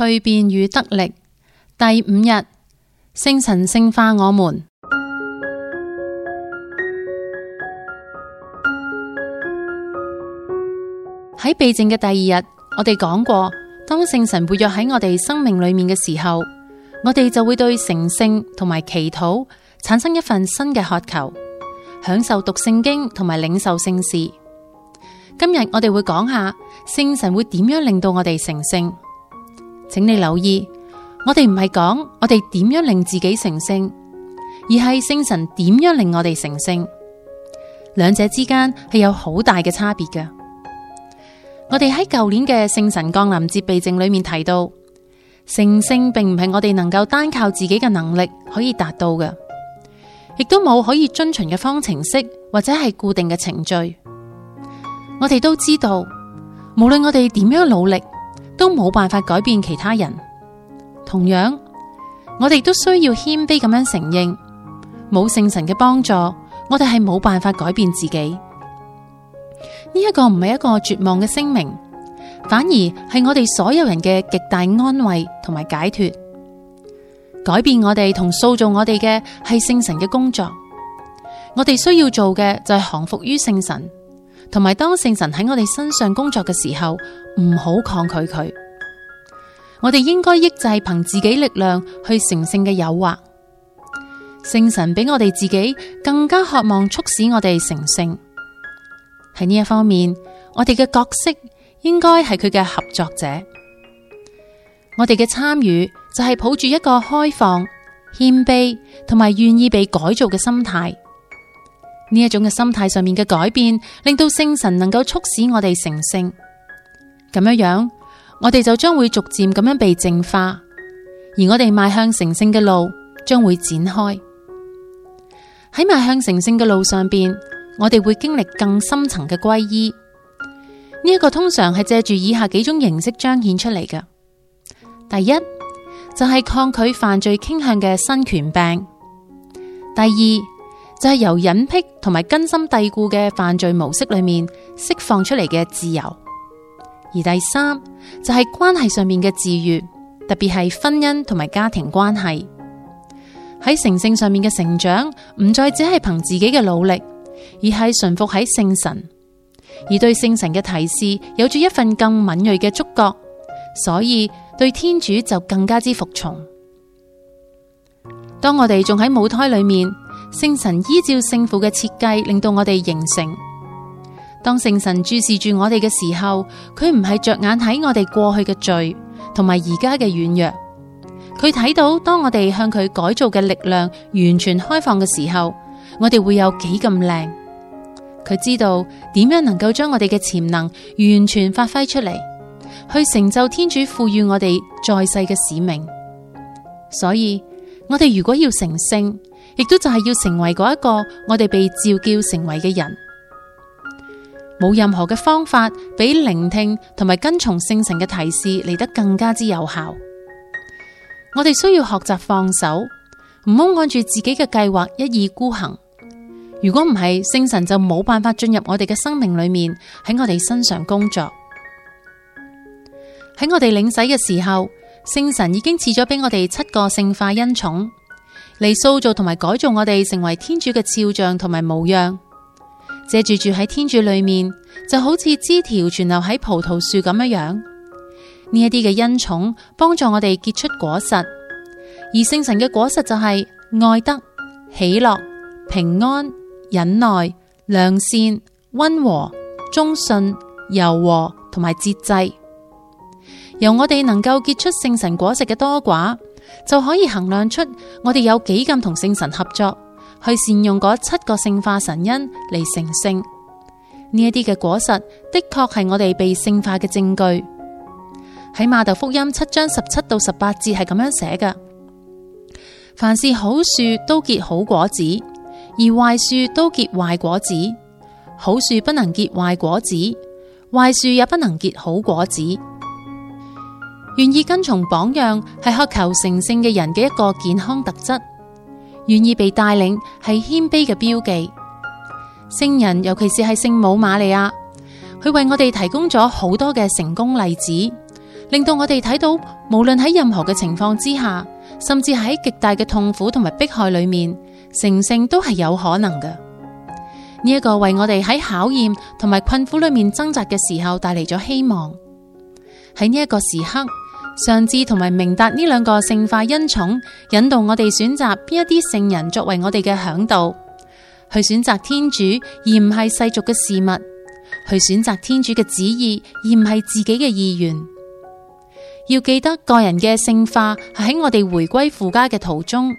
蛻變與得力第五日，聖神聖化我們。喺避靜嘅第二日，我哋講過，當聖神活躍喺我哋生命裏面嘅時候，我哋就會對成聖同埋祈禱產生一份新嘅渴求，享受讀聖經同埋領受聖事。今日我哋會講下聖神會點樣令到我哋成聖。請你留意，我哋唔係講我哋點樣令自己成聖，而係聖神點樣令我哋成聖。兩者之間係有好大嘅差別嘅。我哋喺舊年嘅聖神降臨節避靜裏面提到，成聖並唔係我哋能夠單靠自己嘅能力可以達到嘅，亦都冇可以遵循嘅方程式或者係固定嘅程序。我哋都知道，無論我哋點樣努力，都冇辦法改變其他人。同樣，我哋都需要謙卑咁樣承認，冇聖神嘅幫助，我哋係冇辦法改變自己。呢一個唔係一個絕望嘅聲明，反而係我哋所有人嘅極大安慰同埋解脱。改變我哋同塑造我哋嘅係聖神嘅工作，我哋需要做嘅就係降服於聖神。同埋，當聖神喺我哋身上工作嘅時候，唔好抗拒佢。我哋應該抑制憑自己力量去成聖嘅誘惑。聖神比我哋自己更加渴望促使我哋成聖。喺呢一方面，我哋嘅角色應該係佢嘅合作者。我哋嘅參與就係抱住一個開放、謙卑同埋願意被改造嘅心態。呢一種嘅心態上面嘅改變，令到聖神能夠促使我哋成聖，咁樣樣我哋就將會逐漸咁樣被淨化，而我哋邁向成聖嘅路將會展開。喺邁向成聖嘅路上邊，我哋會經歷更深層嘅歸依皈依。呢、這、一個通常係借住以下幾種形式彰顯出嚟嘅。第一就係、是、抗拒犯罪傾向嘅新權柄。第二。就係由癮癖同埋根深蒂固嘅犯罪模式裏面釋放出嚟嘅自由，而第三就係、是、關係上面嘅治癒，特別係婚姻同埋家庭關係，喺成聖上面嘅成長，唔再只係憑自己嘅努力，而係順服喺聖神，而對聖神嘅提示有住一份更敏銳嘅觸覺，所以對天主就更加之服從。當我哋仲喺母胎裏面。聖神依照聖父嘅設計，令到我哋形成。當聖神注視住我哋嘅時候，佢唔係着眼睇我哋過去嘅罪，同埋而家嘅軟弱。佢睇到當我哋向佢改造嘅力量完全開放嘅時候，我哋會有幾咁靚。佢知道點樣能夠將我哋嘅潛能完全發揮出嚟，去成就天主賦予我哋在世嘅使命。所以我哋如果要成聖，亦都就係要成為嗰一個我哋被召叫成為嘅人，冇任何嘅方法比聆聽同埋跟從聖神嘅提示嚟得更加之有效。我哋需要學習放手，唔好按住自己嘅計劃一意孤行。如果唔係，聖神就冇辦法進入我哋嘅生命裏面喺我哋身上工作。喺我哋領洗嘅時候，聖神已經賜咗俾我哋七個聖化恩寵。嚟塑造同埋改造我哋成為天主嘅肖像同埋模樣，借住住喺天主裏面，就好似枝條存留喺葡萄樹咁一樣。呢一啲嘅恩寵幫助我哋結出果實，而聖神嘅果實就係愛德、喜樂、平安、忍耐、良善、溫和、忠信、柔和同埋節制，由我哋能夠結出聖神果實嘅多寡，就可以衡量出我哋有幾咁同聖神合作，去善用嗰七個聖化神恩嚟成聖。呢一啲嘅果實的確係我哋被聖化嘅證據。喺馬竇福音七章十七到十八節係咁樣寫嘅：「凡是好樹都結好果子，而壞樹都結壞果子。好樹不能結壞果子，壞樹也不能結好果子。願意跟從榜樣係渴求成聖嘅人嘅一個健康特質。願意被帶領係謙卑嘅標記。聖人，尤其是係聖母瑪利亞，佢為我哋提供咗好多嘅成功例子，令到我哋睇到，無論喺任何嘅情況之下，甚至喺極大嘅痛苦同埋迫害裏面，成聖都係有可能嘅。呢一個為我哋喺考驗同埋困苦裏面掙扎嘅時候帶嚟咗希望。喺呢一個時刻。上智同埋明達呢兩個聖化恩寵，引導我哋選擇邊一啲聖人作為我哋嘅嚮導，去選擇天主而唔係世俗嘅事物，去選擇天主嘅旨意而唔係自己嘅意願。要記得個人嘅聖化係喺我哋回歸父家嘅途中，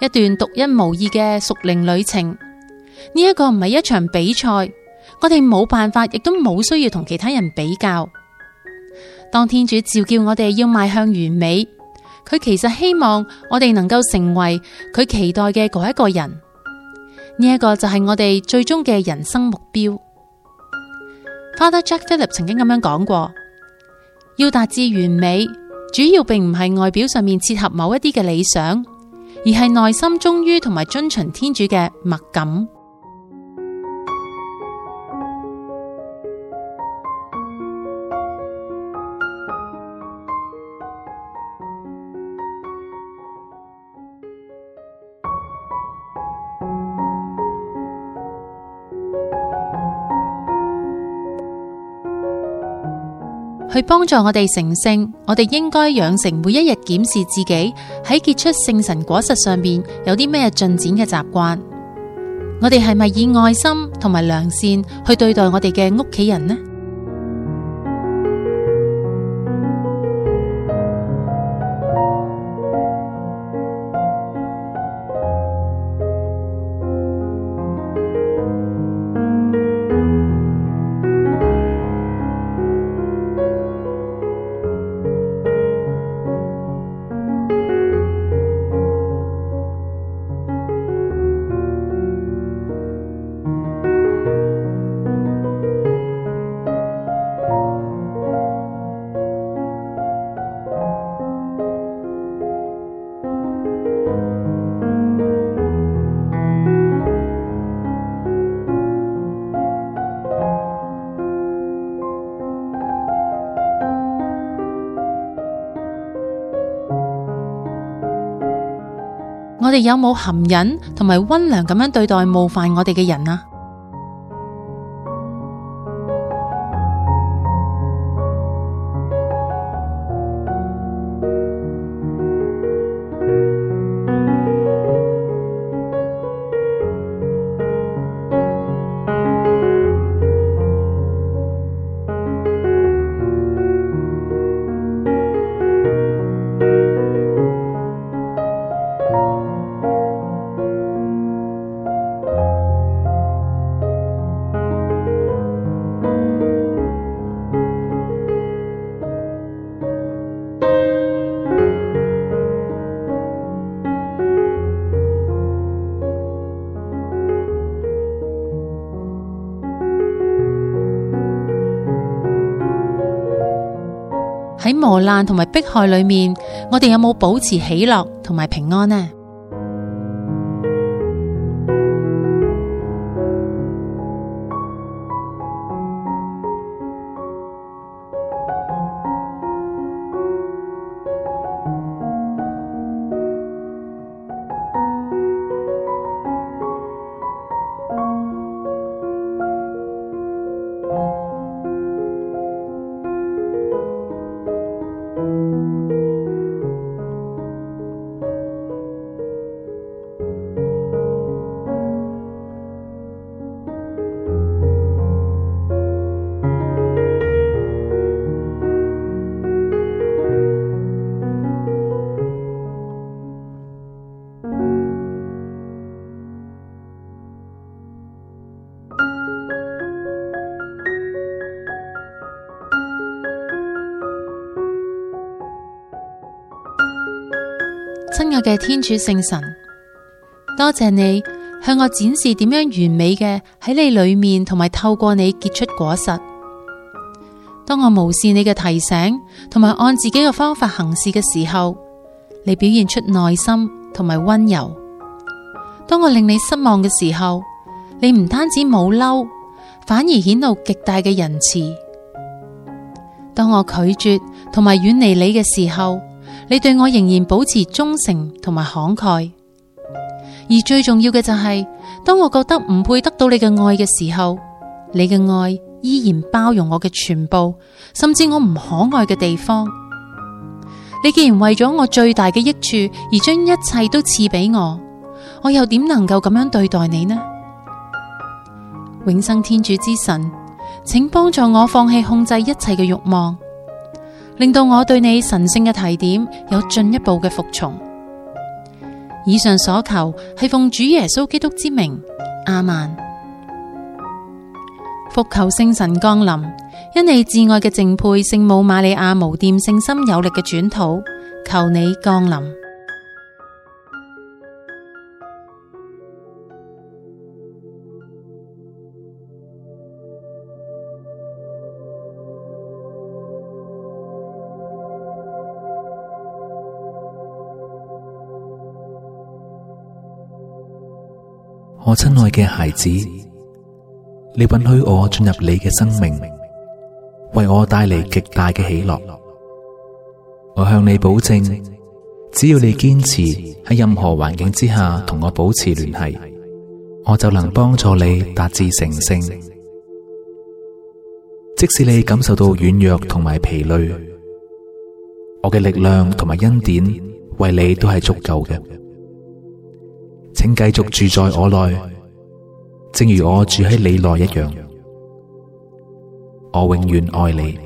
一段獨一無二嘅屬靈旅程。呢、這、一個唔係一場比賽，我哋冇辦法，亦都冇需要同其他人比較。當天主召叫我哋要邁向完美，佢其實希望我哋能夠成為佢期待嘅嗰一個人。呢一個就係我哋最終嘅人生目標。Father Jacques Philippe 曾經咁樣講過，要達至完美，主要並唔係外表上面切合某一啲嘅理想，而係內心忠於同埋遵循天主嘅默感。去幫助我哋成聖，我哋應該養成每一日檢視自己喺結出聖神果實上面有啲咩進展嘅習慣。我哋係咪以愛心同埋良善去對待我哋嘅屋企人呢？我哋有冇含忍同埋溫良咁樣對待冒犯我哋嘅人啊？磨難同埋迫害裏面，我哋有冇保持喜樂同埋平安呢？嘅天主聖神，多謝你向我展示點樣完美嘅喺你裏面，同埋透過你結出果實。當我無視你嘅提醒，同埋按自己嘅方法行事嘅時候，你表現出耐心同埋溫柔。當我令你失望嘅時候，你唔單止冇嬲，反而顯露極大嘅仁慈。當我拒絕同埋遠離你嘅時候，你對我仍然保持忠誠同埋慷慨，而最重要嘅就係，當我覺得唔配得到你嘅愛嘅時候，你嘅愛依然包容我嘅全部，甚至我唔可愛嘅地方。你既然為咗我最大嘅益處而將一切都賜俾我，我又點能夠咁樣對待你呢？永生天主之神，請幫助我放棄控制一切嘅欲望。令到我對你神聖嘅提點有進一步嘅服從。以上所求係奉主耶穌基督之名，亞孟。伏求聖神降臨，因你至愛嘅淨配聖母瑪利亞無玷聖心有力嘅轉禱，求你降臨。親愛嘅孩子，你允許我進入你嘅生命，為我帶嚟極大嘅喜樂。我向你保證，只要你堅持喺任何環境之下同我保持聯繫，我就能幫助你達至成聖。即使你感受到軟弱同埋疲累，我嘅力量同埋恩典為你都係足夠嘅。請繼續住在我內，正如我住喺你內一樣，我永遠愛你。